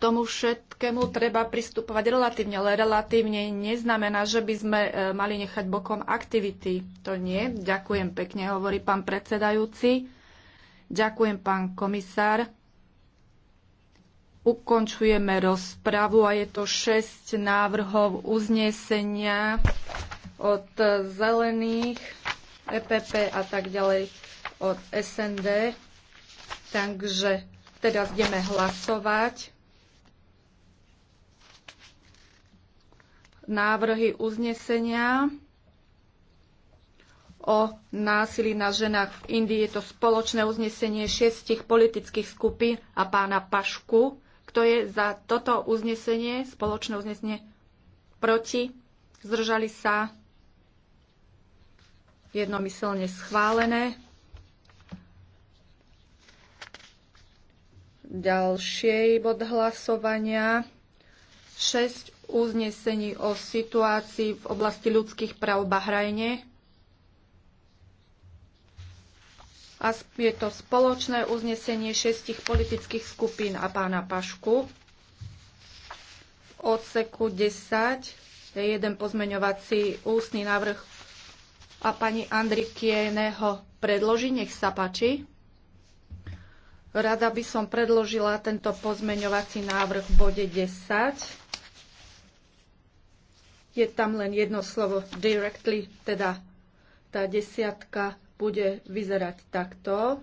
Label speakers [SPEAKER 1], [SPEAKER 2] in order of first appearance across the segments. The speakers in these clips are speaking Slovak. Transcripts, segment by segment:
[SPEAKER 1] tomu všetkému treba pristupovať relatívne, ale relatívne neznamená, že by sme e, mali nechať bokom aktivity. To nie. Ďakujem pekne, hovorí pán predsedajúci. Ďakujem, pán komisár. Ukončujeme rozpravu a je to 6 návrhov uznesenia od zelených, EPP a tak ďalej od SND. Takže teraz ideme hlasovať. návrhy uznesenia o násilí na ženách v Indii. Je to spoločné uznesenie šiestich politických skupín a pána Pašku. Kto je za toto uznesenie, spoločné uznesenie proti? Zdržali sa jednomyselne schválené. Ďalší bod hlasovania. 6 uznesení o situácii v oblasti ľudských práv v Bahrajne. A je to spoločné uznesenie šestich politických skupín a pána Pašku. V odseku 10 je jeden pozmeňovací ústny návrh a pani Andrikiene ho predloží. Nech sa páči. Rada by som predložila tento pozmeňovací návrh v bode 10 je tam len jedno slovo directly, teda tá desiatka bude vyzerať takto.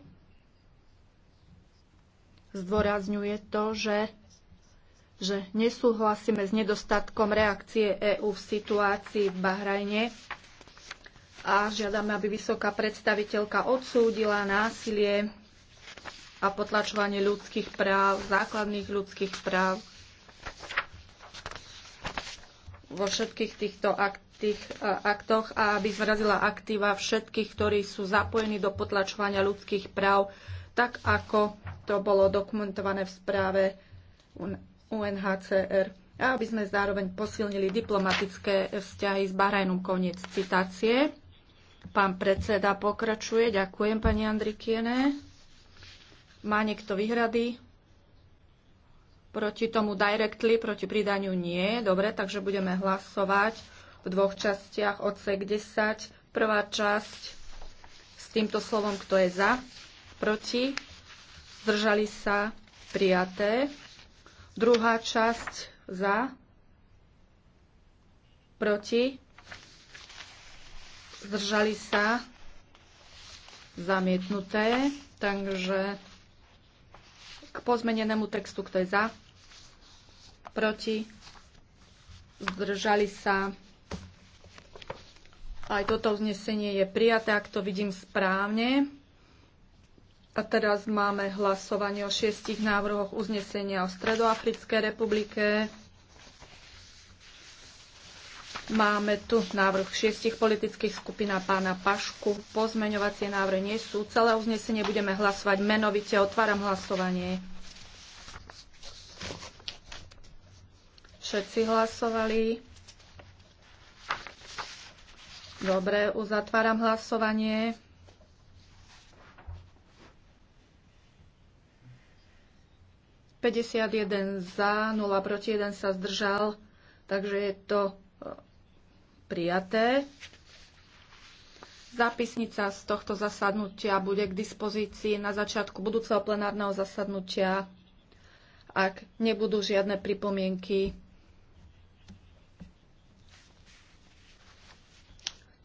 [SPEAKER 1] Zdôrazňuje to, že, že nesúhlasíme s nedostatkom reakcie EÚ v situácii v Bahrajne a žiadame, aby vysoká predstaviteľka odsúdila násilie a potlačovanie ľudských práv, základných ľudských práv vo všetkých týchto akt, tých, e, aktoch a aby zrazila aktíva všetkých, ktorí sú zapojení do potlačovania ľudských práv, tak ako to bolo dokumentované v správe UNHCR. A aby sme zároveň posilnili diplomatické vzťahy s Bahrajnom. Koniec citácie. Pán predseda pokračuje. Ďakujem, pani Andrikiene. Má niekto výhrady? Proti tomu directly, proti pridaniu nie. Dobre, takže budeme hlasovať v dvoch častiach odsek 10. Prvá časť s týmto slovom, kto je za, proti, zdržali sa, prijaté. Druhá časť za, proti, zdržali sa, zamietnuté. Takže k pozmenenému textu. Kto je za? Proti? Zdržali sa? Aj toto uznesenie je prijaté, ak to vidím správne. A teraz máme hlasovanie o šiestich návrhoch uznesenia o Stredoafrickej republike. Máme tu návrh šiestich politických skupín a pána Pašku. Pozmeňovacie návrhy nie sú. Celé uznesenie budeme hlasovať menovite. Otváram hlasovanie. Všetci hlasovali. Dobre, uzatváram hlasovanie. Päťdesiat jeden za, 0 proti 1 sa zdržal, takže je to prijaté. Zápisnica z tohto zasadnutia bude k dispozícii na začiatku budúceho plenárneho zasadnutia, ak nebudú žiadne pripomienky.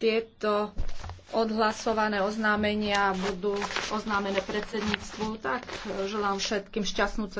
[SPEAKER 1] Tieto odhlasované oznámenia budú oznámené predsedníctvu, tak želám všetkým šťastnú cestu.